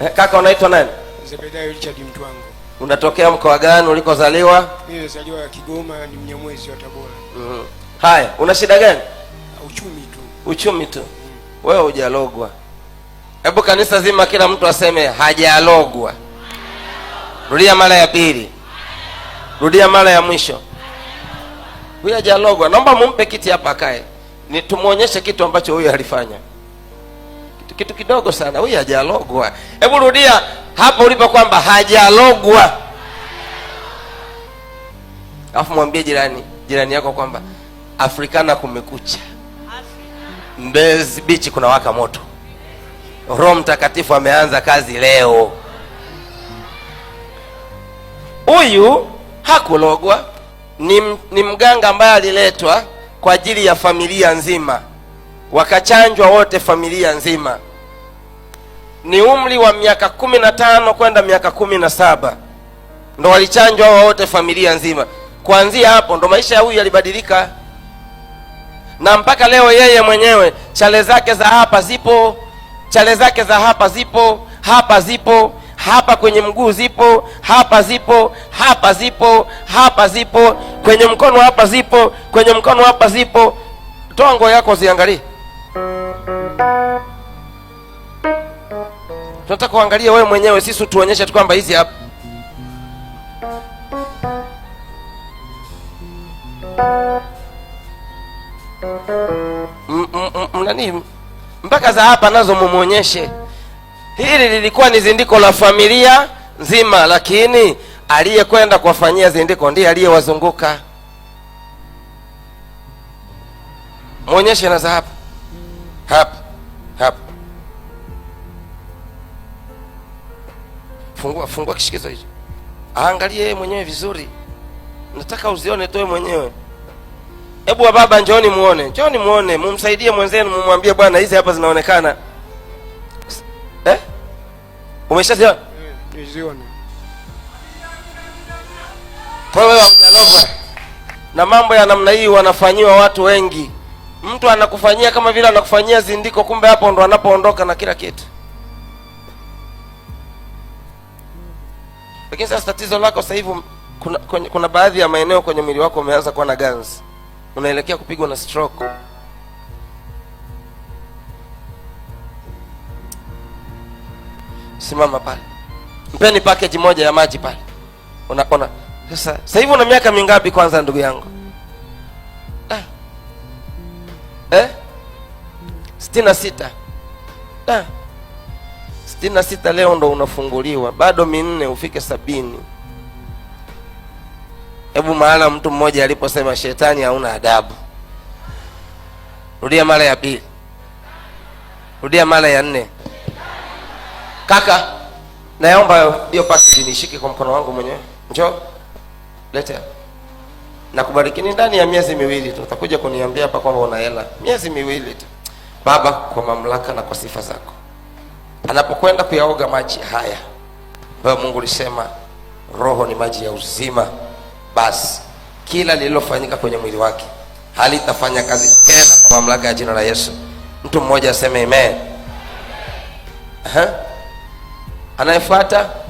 Eh, kaka unaitwa nani? Zebedayo Richard Mtwango. Unatokea mkoa gani ulikozaliwa? Mimi nilizaliwa Kigoma, ni Mnyamwezi wa Tabora. Mm. Haya, una shida gani? Ah, uchumi tu. Uchumi tu. Mm. Wewe hujalogwa. Hebu kanisa zima kila mtu aseme hajalogwa. Rudia mara ya pili. Rudia mara ya mwisho. Huyu hajalogwa. Naomba mumpe kiti hapa akae. Ni tumuonyeshe kitu ambacho huyu alifanya kitu kidogo sana. Huyu hajalogwa. Hebu rudia hapo ulipo kwamba hajalogwa, alafu mwambie jirani jirani yako kwamba Afrikana kumekucha, Mbezi bichi kuna waka moto, Roho Mtakatifu ameanza kazi leo. Huyu hakulogwa, ni, ni mganga ambaye aliletwa kwa ajili ya familia nzima, wakachanjwa wote, familia nzima ni umri wa miaka kumi na tano kwenda miaka kumi na saba ndo walichanjwa hawa wote, familia nzima. Kuanzia hapo ndo maisha ya huyu yalibadilika, na mpaka leo yeye mwenyewe chale zake za hapa zipo, chale zake za hapa zipo, hapa zipo, hapa kwenye mguu zipo, hapa zipo, hapa zipo, hapa zipo, kwenye mkono hapa zipo, kwenye mkono hapa zipo. Toa nguo yako ziangalie tunataka kuangalia wewe mwenyewe, sisi tuonyeshe tu kwamba hizi hapa nani mpaka za hapa nazo mumuonyeshe. Hili lilikuwa ni zindiko la familia nzima, lakini aliyekwenda kuwafanyia zindiko ndiye aliyewazunguka. Muonyeshe na za hapa hapa fungua fungua kishikizo hicho, aangalie yeye mwenyewe vizuri. Nataka uzione toe mwenyewe. Hebu wa baba, njoni muone, njoni muone, mumsaidie mwenzenu, mumwambie bwana, hizi hapa zinaonekana eh? Umeshaziona? Kwa hiyo na mambo ya namna hii, wanafanyiwa watu wengi. Mtu anakufanyia kama vile anakufanyia zindiko, kumbe hapo ndo anapoondoka na kila kitu. Lakini sasa tatizo lako sasa hivi kuna, kuna, kuna baadhi ya maeneo kwenye mwili wako umeanza kuwa na gans unaelekea kupigwa na stroke. Simama pale, mpeni package moja ya maji pale. Unaona sasa, sasa hivi una miaka mingapi kwanza, ndugu yangu da? Ah. Eh, sitini na sita ah sitini na sita leo ndo unafunguliwa, bado minne ufike sabini. Hebu maana mtu mmoja aliposema shetani hauna adabu. Rudia mara ya pili, rudia mara ya nne. Kaka, naomba hiyo pasi nishike kwa mkono wangu mwenyewe, njoo leta na ndani ya miezi miwili tu utakuja kuniambia hapa kwamba una hela. Miezi miwili tu. Baba, kwa mamlaka na kwa sifa zako anapokwenda kuyaoga maji haya ambayo Mungu alisema roho ni maji ya uzima, basi kila lililofanyika kwenye mwili wake halitafanya kazi tena kwa mamlaka ya jina la Yesu. Mtu mmoja aseme amen. Anayefuata